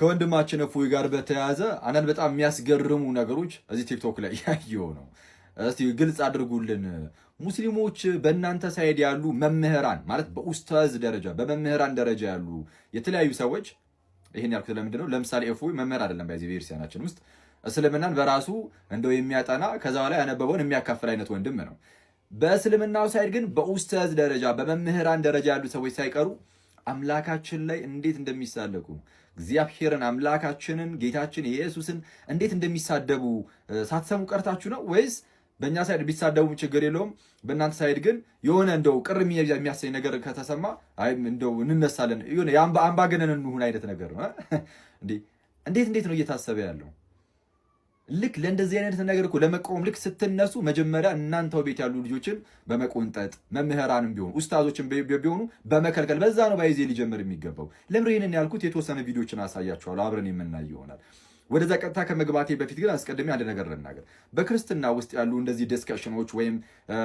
ከወንድማችን እፎይ ጋር በተያያዘ አንዳንድ በጣም የሚያስገርሙ ነገሮች እዚህ ቲክቶክ ላይ ያየው ነው። እስቲ ግልጽ አድርጉልን። ሙስሊሞች በእናንተ ሳይድ ያሉ መምህራን ማለት በኡስታዝ ደረጃ በመምህራን ደረጃ ያሉ የተለያዩ ሰዎች ይህን ያልኩት ለምንድን ነው? ለምሳሌ እፎይ መምህር አይደለም። በዚህ ቤተክርስቲያናችን ውስጥ እስልምናን በራሱ እንደው የሚያጠና ከዛ ላይ ያነበበውን የሚያካፍል አይነት ወንድም ነው። በእስልምናው ሳይድ ግን በኡስተዝ ደረጃ በመምህራን ደረጃ ያሉ ሰዎች ሳይቀሩ አምላካችን ላይ እንዴት እንደሚሳለቁ እግዚአብሔርን አምላካችንን ጌታችን ኢየሱስን እንዴት እንደሚሳደቡ ሳትሰሙ ቀርታችሁ ነው ወይስ በእኛ ሳይድ ቢሳደቡም ችግር የለውም፣ በእናንተ ሳይድ ግን የሆነ እንደው ቅር የሚያሰኝ ነገር ከተሰማ እንደው እንነሳለን፣ አምባገነን እንሁን አይነት ነገር ነው። እንዴት እንዴት ነው እየታሰበ ያለው? ልክ ለእንደዚህ አይነት ነገር እኮ ለመቃወም ልክ ስትነሱ መጀመሪያ እናንተው ቤት ያሉ ልጆችን በመቆንጠጥ መምህራንም ቢሆኑ ኡስታዞችን ቢሆኑ በመከልከል በዛ ነው ባይዜ ሊጀምር የሚገባው። ለምር ይህንን ያልኩት የተወሰነ ቪዲዮችን አሳያችኋለሁ፣ አብረን የምናይ ይሆናል። ወደዛ ቀጥታ ከመግባቴ በፊት ግን አስቀድሜ አንድ ነገር ልናገር። በክርስትና ውስጥ ያሉ እንደዚህ ዲስከሽኖች ወይም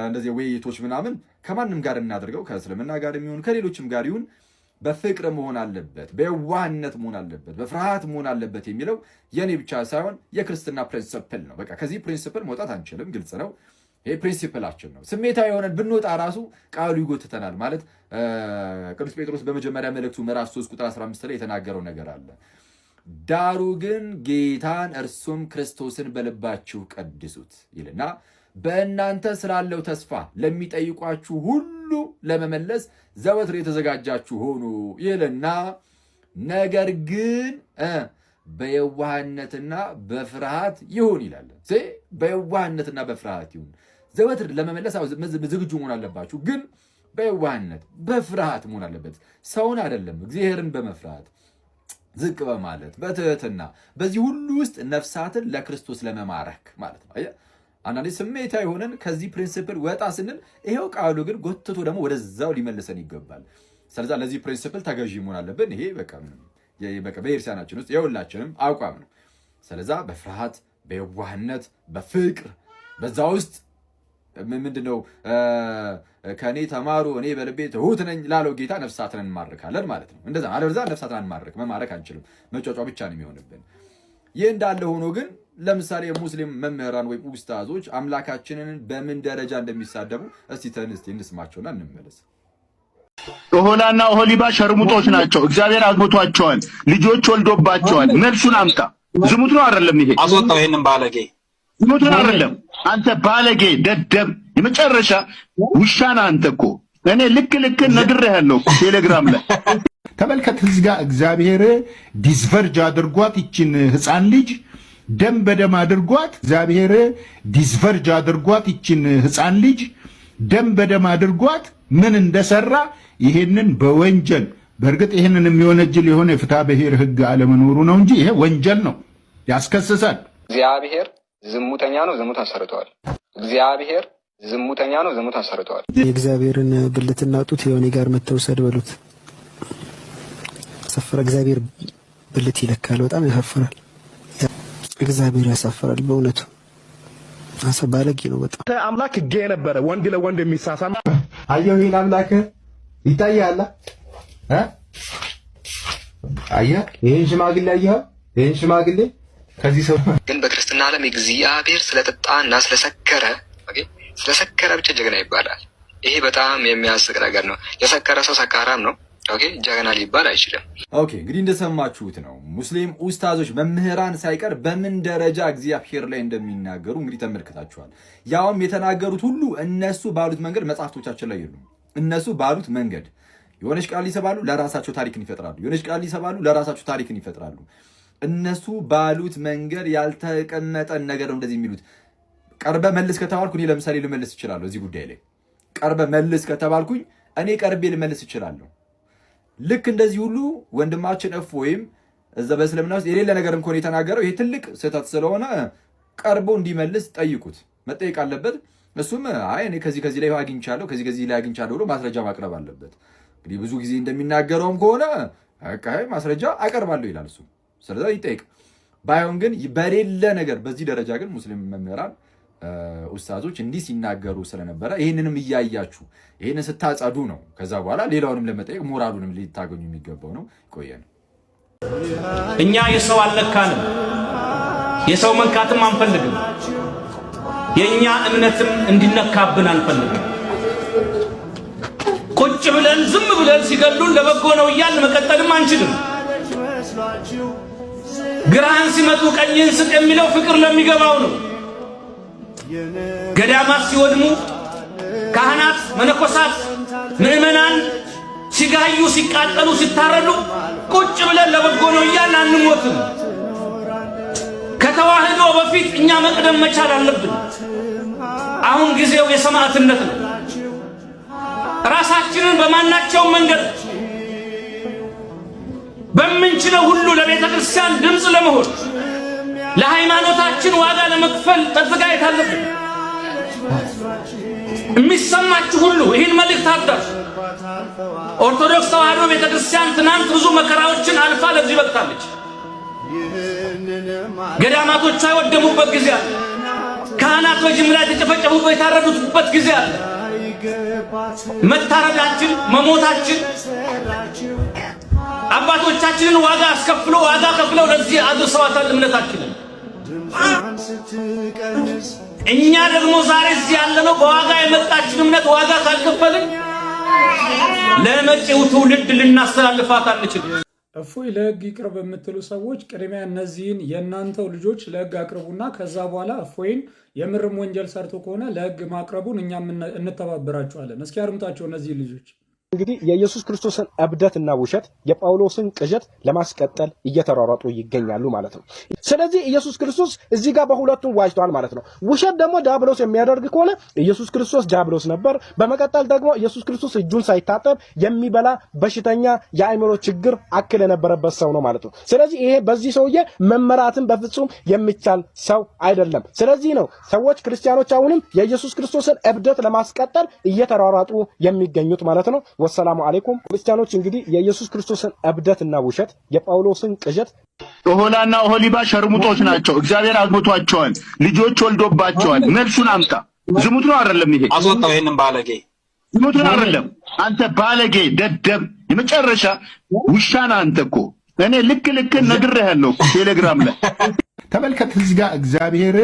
እንደዚህ ውይይቶች ምናምን ከማንም ጋር እናደርገው ከእስልምና ጋር የሚሆን ከሌሎችም ጋር ይሁን በፍቅር መሆን አለበት፣ በየዋህነት መሆን አለበት፣ በፍርሃት መሆን አለበት የሚለው የኔ ብቻ ሳይሆን የክርስትና ፕሪንስፕል ነው። በቃ ከዚህ ፕሪንስፕል መውጣት አንችልም። ግልጽ ነው። ይሄ ፕሪንሲፕላችን ነው። ስሜታዊ የሆነን ብንወጣ ራሱ ቃሉ ይጎትተናል። ማለት ቅዱስ ጴጥሮስ በመጀመሪያ መልእክቱ ምዕራፍ 3 ቁጥር 15 ላይ የተናገረው ነገር አለ። ዳሩ ግን ጌታን እርሱም ክርስቶስን በልባችሁ ቀድሱት ይልና በእናንተ ስላለው ተስፋ ለሚጠይቋችሁ ሁሉ ለመመለስ ዘወትር የተዘጋጃችሁ ሆኑ ይልና ነገር ግን በየዋህነትና በፍርሃት ይሁን ይላል። በየዋህነትና በፍርሃት ይሁን ዘወትር ለመመለስ ዝግጁ መሆን አለባችሁ። ግን በየዋህነት በፍርሃት መሆን አለበት። ሰውን አይደለም እግዚአብሔርን በመፍራት ዝቅ በማለት በትህትና በዚህ ሁሉ ውስጥ ነፍሳትን ለክርስቶስ ለመማረክ ማለት ነው። አንዳንዴ ስሜታ የሆነን ከዚህ ፕሪንስፕል ወጣ ስንል ይሄው ቃሉ ግን ጎትቶ ደግሞ ወደዛው ሊመልሰን ይገባል። ስለዚ ለዚህ ፕሪንስፕል ተገዥ መሆን አለብን። ይሄ በቤርሲያናችን ውስጥ የሁላችንም አቋም ነው። ስለዛ በፍርሃት በየዋህነት በፍቅር በዛ ውስጥ ምንድነው ከእኔ ተማሩ እኔ በልቤ ትሁት ነኝ ላለው ጌታ ነፍሳትን እንማርካለን ማለት ነው። እንደዛ አለበለዚያ ነፍሳትን አንማርክ መማረክ አንችልም። መጫጫ ብቻ ነው የሚሆንብን። ይህ እንዳለ ሆኖ ግን ለምሳሌ የሙስሊም መምህራን ወይም ኡስታዞች አምላካችንን በምን ደረጃ እንደሚሳደቡ እስቲ ተንስቲ እንስማቸውና እንመለስ። ኦሆላና ኦሆሊባ ሸርሙጦች ናቸው። እግዚአብሔር አግብቷቸዋል፣ ልጆች ወልዶባቸዋል። መልሱን አምጣ። ዝሙት ነው አይደለም? ይሄ አስወጣው። ይሄንን ባለጌ ዝሙት ነው አይደለም? አንተ ባለጌ ደደብ፣ የመጨረሻ ውሻ ነህ አንተ እኮ። እኔ ልክ ልክ ነግሬሃለሁ ቴሌግራም ላይ ተመልከት። እዚህ ጋር እግዚአብሔር ዲስቨርጅ አድርጓት ይችን ህፃን ልጅ ደም በደም አድርጓት እግዚአብሔር ዲስቨርጅ አድርጓት ይችን ህፃን ልጅ ደም በደም አድርጓት ምን እንደሰራ ይሄንን በወንጀል በእርግጥ ይህንን የሚወነጅል የሆነ የፍትሐ ብሔር ህግ አለመኖሩ ነው እንጂ ይሄ ወንጀል ነው፣ ያስከስሳል። እግዚአብሔር ዝሙተኛ ነው፣ ዝሙት አሰርተዋል። እግዚአብሔር ዝሙተኛ ነው፣ ዝሙት አሰርተዋል። የእግዚአብሔርን ብልትና ጡት የሆነ ጋር መተውሰድ በሉት ሰፈረ። እግዚአብሔር ብልት ይለካል። በጣም ያሳፍራል። እግዚአብሔር ያሳፈራል በእውነቱ አሰ ባለጌ ነው በጣም አምላክ ጌ ነበረ ወንድ ለወንድ የሚሳሳ አየሁ ይህን አምላክ ይታያላ አየ ይህን ሽማግሌ አየኸው ይህን ሽማግሌ ከዚህ ሰው ግን በክርስትና ዓለም እግዚአብሔር ስለጠጣ እና ስለሰከረ ስለሰከረ ብቻ ጀግና ይባላል። ይሄ በጣም የሚያስቅ ነገር ነው። የሰከረ ሰው ሰካራም ነው፣ ጀግና ሊባል አይችልም። ኦኬ እንግዲህ እንደሰማችሁት ነው። ሙስሊም ኡስታዞች መምህራን ሳይቀር በምን ደረጃ እግዚአብሔር ላይ እንደሚናገሩ እንግዲህ ተመልክታችኋል። ያውም የተናገሩት ሁሉ እነሱ ባሉት መንገድ መጽሐፍቶቻችን ላይ የሉም። እነሱ ባሉት መንገድ የሆነች ቃል ይሰባሉ፣ ለራሳቸው ታሪክን ይፈጥራሉ። የሆነች ቃል ይሰባሉ፣ ለራሳቸው ታሪክን ይፈጥራሉ። እነሱ ባሉት መንገድ ያልተቀመጠን ነገር ነው እንደዚህ የሚሉት። ቀርበ መልስ ከተባልኩ እኔ ለምሳሌ ልመልስ እችላለሁ። እዚህ ጉዳይ ላይ ቀርበ መልስ ከተባልኩኝ እኔ ቀርቤ ልመልስ እችላለሁ። ልክ እንደዚህ ሁሉ ወንድማችን እፍ ወይም እዛ በእስልምና ውስጥ የሌለ ነገር እንኳን የተናገረው ይሄ ትልቅ ስህተት ስለሆነ ቀርቦ እንዲመልስ ጠይቁት፣ መጠየቅ አለበት። እሱም አይ እኔ ከዚህ ከዚህ ላይ አግኝቻለሁ ከዚህ ከዚህ ላይ አግኝቻለሁ ብሎ ማስረጃ ማቅረብ አለበት። እንግዲህ ብዙ ጊዜ እንደሚናገረውም ከሆነ ማስረጃ አቀርባለሁ ይላል እሱ። ስለዚ ይጠይቅ። ባይሆን ግን በሌለ ነገር በዚህ ደረጃ ግን ሙስሊም መምህራን ኡስታዞች እንዲህ ሲናገሩ ስለነበረ ይህንንም እያያችሁ ይህንን ስታጸዱ ነው ከዛ በኋላ ሌላውንም ለመጠየቅ ሞራሉንም ሊታገኙ የሚገባው ነው። ይቆየን። እኛ የሰው አልነካንም፣ የሰው መንካትም አንፈልግም። የእኛ እምነትም እንዲነካብን አንፈልግም። ቁጭ ብለን ዝም ብለን ሲገሉን ለበጎ ነው እያልን መቀጠልም አንችልም። ግራህን ሲመጡ ቀኝህን ስጥ የሚለው ፍቅር ለሚገባው ነው። ገዳማት ሲወድሙ፣ ካህናት፣ መነኮሳት፣ ምዕመናን ሲጋዩ፣ ሲቃጠሉ፣ ሲታረዱ ቁጭ ብለን ነው እያልን አንሞትም። ከተዋህዶ በፊት እኛ መቅደም መቻል አለብን። አሁን ጊዜው የሰማዕትነት ነው። ራሳችንን በማናቸው መንገድ በምንችለው ሁሉ ለቤተ ክርስቲያን ድምፅ ለመሆን ለሃይማኖታችን ዋጋ ለመክፈል መዘጋጀት አለብን። የሚሰማችሁ ሁሉ ይህን መልእክት አዳርሱ። ኦርቶዶክስ ተዋህዶ ቤተ ክርስቲያን ትናንት ብዙ መከራዎችን አልፋ ለዚህ በቅታለች። ገዳማቶቿ የወደሙበት ጊዜ አለ። ካህናት በጅምላ የተጨፈጨፉበት የታረዱትበት ጊዜ አለ። መታረዳችን መሞታችን አባቶቻችንን ዋጋ አስከፍሎ ዋጋ ከፍለው ለዚህ አድርሰዋታል እምነታችንን። እኛ ደግሞ ዛሬ እዚህ ያለነው በዋጋ የመጣችን እምነት ዋጋ ካልከፈልን ለመጪው ትውልድ ልናስተላልፋት አንችል። እፎይ ለህግ ይቅርብ የምትሉ ሰዎች ቅድሚያ እነዚህን የእናንተው ልጆች ለህግ አቅርቡና ከዛ በኋላ እፎይን የምርም ወንጀል ሰርቶ ከሆነ ለህግ ማቅረቡን እኛም እንተባበራችኋለን። እስኪ አድምጣቸው እነዚህ ልጆች እንግዲህ የኢየሱስ ክርስቶስን እብደትና ውሸት የጳውሎስን ቅዠት ለማስቀጠል እየተሯሯጡ ይገኛሉ ማለት ነው። ስለዚህ ኢየሱስ ክርስቶስ እዚህ ጋር በሁለቱም ዋጅቷል ማለት ነው። ውሸት ደግሞ ዲያብሎስ የሚያደርግ ከሆነ ኢየሱስ ክርስቶስ ዲያብሎስ ነበር። በመቀጠል ደግሞ ኢየሱስ ክርስቶስ እጁን ሳይታጠብ የሚበላ በሽተኛ፣ የአእምሮ ችግር አክል የነበረበት ሰው ነው ማለት ነው። ስለዚህ ይሄ በዚህ ሰውዬ መመራትን በፍጹም የሚቻል ሰው አይደለም። ስለዚህ ነው ሰዎች ክርስቲያኖች አሁንም የኢየሱስ ክርስቶስን እብደት ለማስቀጠል እየተሯሯጡ የሚገኙት ማለት ነው። ወሰላሙ አሌይኩም። ክርስቲያኖች እንግዲህ የኢየሱስ ክርስቶስን እብደትና ውሸት የጳውሎስን ቅዠት ኦሆላና ኦሆሊባ ሸርሙጦች ናቸው። እግዚአብሔር አግብቷቸዋል፣ ልጆች ወልዶባቸዋል። መልሱን አምጣ። ዝሙት ነው አይደለም? ይሄ አስወጣው። ይህንን ባለጌ ዝሙት ነው አይደለም? አንተ ባለጌ ደደብ፣ የመጨረሻ ውሻ ውሻና አንተ እኮ እኔ ልክ ልክ ነግሬሃለሁ ቴሌግራም ላይ ተመልከት። እዚህ ጋር እግዚአብሔር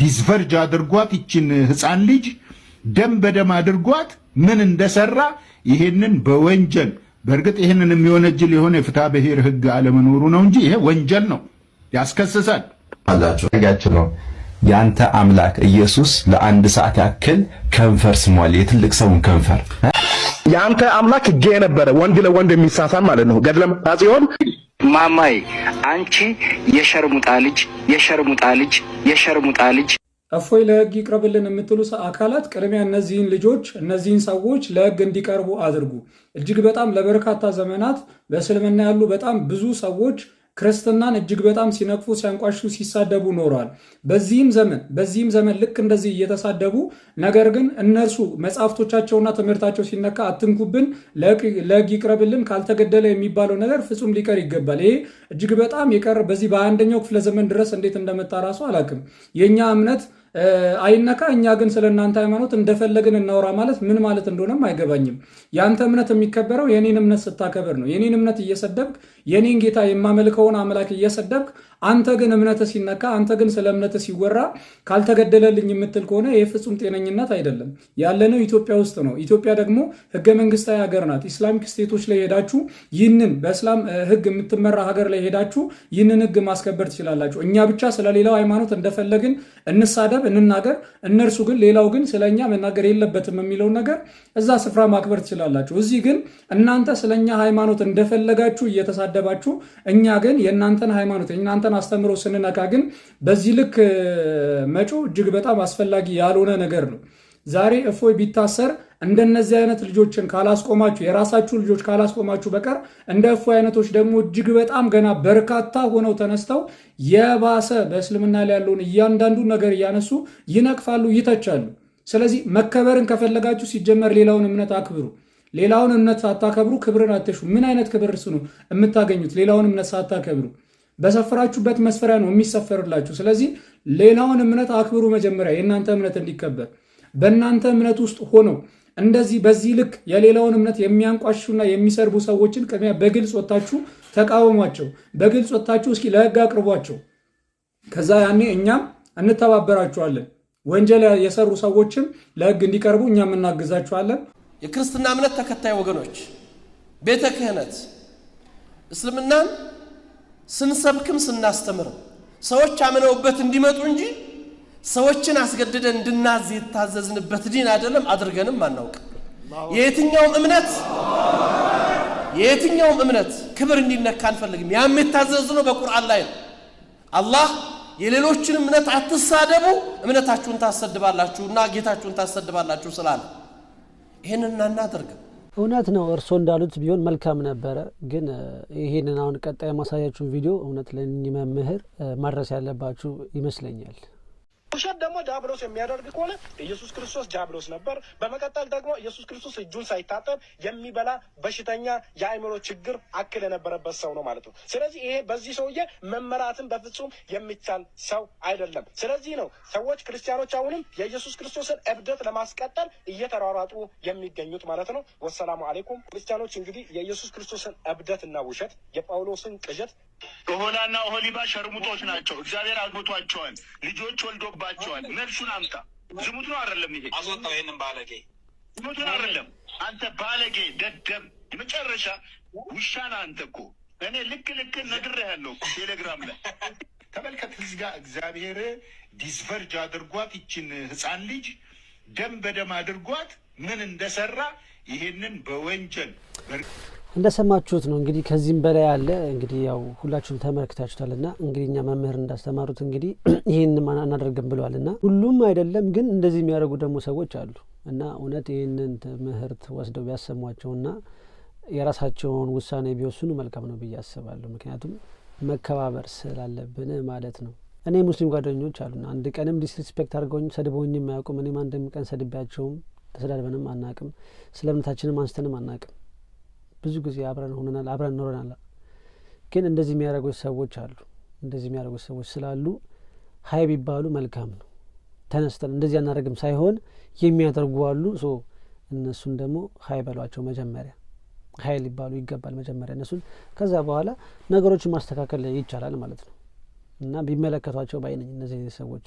ዲስቨርጅ አድርጓት ይችን ህፃን ልጅ ደም በደም አድርጓት ምን እንደሰራ ይሄንን በወንጀል በእርግጥ ይህንን የሚወነጅል የሆነ የፍትሐ ብሔር ህግ አለመኖሩ ነው እንጂ ይሄ ወንጀል ነው፣ ያስከስሳል አላቸው ነው። ያንተ አምላክ ኢየሱስ ለአንድ ሰዓት ያክል ከንፈር ስሟል፣ የትልቅ ሰውን ከንፈር። የአንተ አምላክ ጌ ነበረ፣ ወንድ ለወንድ የሚሳሳም ማለት ነው። ገድለ ሲሆን ማማይ አንቺ የሸርሙጣ ልጅ የሸርሙጣ ልጅ የሸርሙጣ ልጅ እፎይ ለህግ ይቅረብልን የምትሉ አካላት ቅድሚያ እነዚህን ልጆች እነዚህን ሰዎች ለህግ እንዲቀርቡ አድርጉ። እጅግ በጣም ለበርካታ ዘመናት በእስልምና ያሉ በጣም ብዙ ሰዎች ክርስትናን እጅግ በጣም ሲነቅፉ፣ ሲያንቋሹ፣ ሲሳደቡ ኖረዋል። በዚህም ዘመን በዚህም ዘመን ልክ እንደዚህ እየተሳደቡ ነገር ግን እነርሱ መጽሐፍቶቻቸውና ትምህርታቸው ሲነካ አትንኩብን፣ ለህግ ይቅረብልን፣ ካልተገደለ የሚባለው ነገር ፍጹም ሊቀር ይገባል። ይሄ እጅግ በጣም የቀረ በዚህ በአንደኛው ክፍለ ዘመን ድረስ እንዴት እንደመጣ ራሱ አላውቅም። የእኛ እምነት አይነካ፣ እኛ ግን ስለ እናንተ ሃይማኖት እንደፈለግን እናውራ ማለት ምን ማለት እንደሆነም አይገባኝም። የአንተ እምነት የሚከበረው የኔን እምነት ስታከብር ነው። የኔን እምነት እየሰደብክ የኔን ጌታ የማመልከውን አምላክ እየሰደብክ አንተ ግን እምነት ሲነካ፣ አንተ ግን ስለ እምነት ሲወራ ካልተገደለልኝ የምትል ከሆነ ይህ ፍጹም ጤነኝነት አይደለም። ያለነው ኢትዮጵያ ውስጥ ነው። ኢትዮጵያ ደግሞ ህገ መንግስታዊ ሀገር ናት። ኢስላሚክ ስቴቶች ላይ ሄዳችሁ ይህንን በእስላም ህግ የምትመራ ሀገር ላይ ሄዳችሁ ይህንን ህግ ማስከበር ትችላላችሁ። እኛ ብቻ ስለሌላው ሃይማኖት እንደፈለግን እንሳደብ እንናገር፣ እነርሱ ግን ሌላው ግን ስለኛ መናገር የለበትም የሚለውን ነገር እዛ ስፍራ ማክበር ትችላላችሁ። እዚህ ግን እናንተ ስለኛ ሃይማኖት እንደፈለጋችሁ እየተሳደባችሁ፣ እኛ ግን የእናንተን ሃይማኖት የእናንተን አስተምሮ ስንነካ ግን በዚህ ልክ መጮ እጅግ በጣም አስፈላጊ ያልሆነ ነገር ነው። ዛሬ እፎይ ቢታሰር እንደነዚህ አይነት ልጆችን ካላስቆማችሁ የራሳችሁ ልጆች ካላስቆማችሁ በቀር እንደ እፎይ አይነቶች ደግሞ እጅግ በጣም ገና በርካታ ሆነው ተነስተው የባሰ በእስልምና ላይ ያለውን እያንዳንዱ ነገር እያነሱ ይነቅፋሉ፣ ይተቻሉ። ስለዚህ መከበርን ከፈለጋችሁ ሲጀመር ሌላውን እምነት አክብሩ። ሌላውን እምነት ሳታከብሩ ክብርን አትሹ። ምን አይነት ክብር እሱ ነው የምታገኙት? ሌላውን እምነት ሳታከብሩ በሰፈራችሁበት መስፈሪያ ነው የሚሰፈርላችሁ። ስለዚህ ሌላውን እምነት አክብሩ መጀመሪያ የእናንተ እምነት እንዲከበር በእናንተ እምነት ውስጥ ሆነው እንደዚህ በዚህ ልክ የሌላውን እምነት የሚያንቋሹና የሚሰርቡ ሰዎችን ቅድሚያ በግልጽ ወታችሁ ተቃወሟቸው። በግልጽ ወታችሁ እስኪ ለህግ አቅርቧቸው። ከዛ ያኔ እኛም እንተባበራችኋለን። ወንጀል የሰሩ ሰዎችም ለህግ እንዲቀርቡ እኛም እናግዛችኋለን። የክርስትና እምነት ተከታይ ወገኖች ቤተ ክህነት እስልምናን ስንሰብክም ስናስተምርም ሰዎች አምነውበት እንዲመጡ እንጂ ሰዎችን አስገድደን እንድናዝ የታዘዝንበት ዲን አይደለም፣ አድርገንም አናውቅ። የየትኛውም እምነት የየትኛውም እምነት ክብር እንዲነካ አንፈልግም። ያም የታዘዝነው በቁርአን ላይ ነው። አላህ የሌሎችን እምነት አትሳደቡ፣ እምነታችሁን ታሰድባላችሁ እና ጌታችሁን ታሰድባላችሁ ስላለ ይህንን አናደርግም። እውነት ነው። እርስዎ እንዳሉት ቢሆን መልካም ነበረ። ግን ይህንን አሁን ቀጣይ ማሳያችሁን ቪዲዮ እውነት ለእኚህ መምህር ማድረስ ያለባችሁ ይመስለኛል። ውሸት ደግሞ ዲያብሎስ የሚያደርግ ከሆነ ኢየሱስ ክርስቶስ ዲያብሎስ ነበር። በመቀጠል ደግሞ ኢየሱስ ክርስቶስ እጁን ሳይታጠብ የሚበላ በሽተኛ፣ የአእምሮ ችግር አክል የነበረበት ሰው ነው ማለት ነው። ስለዚህ ይሄ በዚህ ሰውዬ መመራትን በፍጹም የሚቻል ሰው አይደለም። ስለዚህ ነው ሰዎች ክርስቲያኖች አሁንም የኢየሱስ ክርስቶስን እብደት ለማስቀጠል እየተሯሯጡ የሚገኙት ማለት ነው። ወሰላሙ አሌይኩም ክርስቲያኖች። እንግዲህ የኢየሱስ ክርስቶስን እብደትና ውሸት የጳውሎስን ቅዠት ኦሆላና ኦሆሊባ ሸርሙጦች ናቸው። እግዚአብሔር አግብቷቸዋል፣ ልጆች ወልዶባቸዋል። መልሱን አምጣ። ዝሙት ነው አይደለም? ይሄ አስወጣው፣ ይህንን ባለጌ ዝሙት ነው አይደለም? አንተ ባለጌ ደደብ፣ መጨረሻ ውሻ ነህ አንተ እኮ። እኔ ልክ ልክ ነግሬሃለሁ ቴሌግራም ላይ ተመልከት። እዚህ ጋር እግዚአብሔር ዲስቨርጅ አድርጓት ይችን ህፃን ልጅ ደም በደም አድርጓት ምን እንደሰራ ይሄንን በወንጀል እንደሰማችሁት ነው እንግዲህ ከዚህም በላይ አለ እንግዲህ ያው ሁላችሁም ተመልክታችሁታል ና እንግዲህ እኛ መምህር እንዳስተማሩት እንግዲህ ይህን አናደርግም ብለዋል ና ሁሉም አይደለም ግን እንደዚህ የሚያደርጉ ደግሞ ሰዎች አሉ እና እውነት ይህንን ትምህርት ወስደው ቢያሰሟቸውና የራሳቸውን ውሳኔ ቢወስኑ መልካም ነው ብዬ አስባለሁ ምክንያቱም መከባበር ስላለብን ማለት ነው እኔ ሙስሊም ጓደኞች አሉና አንድ ቀንም ዲስሪስፔክት አድርገውኝ ሰድበውኝም አያውቁም እኔም አንድም ቀን ሰድቢያቸውም ተሰዳድበንም አናቅም ስለ እምነታችንም አንስተንም አናቅም ብዙ ጊዜ አብረን ሆነናል፣ አብረን ኖረናል። ግን እንደዚህ የሚያደርጉ ሰዎች አሉ። እንደዚህ የሚያደርጉ ሰዎች ስላሉ ሀይ ቢባሉ መልካም ነው። ተነስተን እንደዚህ አናደርግም ሳይሆን የሚያደርጉ አሉ። እነሱን ደግሞ ሀይ በሏቸው መጀመሪያ ሀይ ሊባሉ ይገባል መጀመሪያ እነሱን። ከዛ በኋላ ነገሮችን ማስተካከል ይቻላል ማለት ነው እና ቢመለከቷቸው ባይነኝ እነዚህ ሰዎች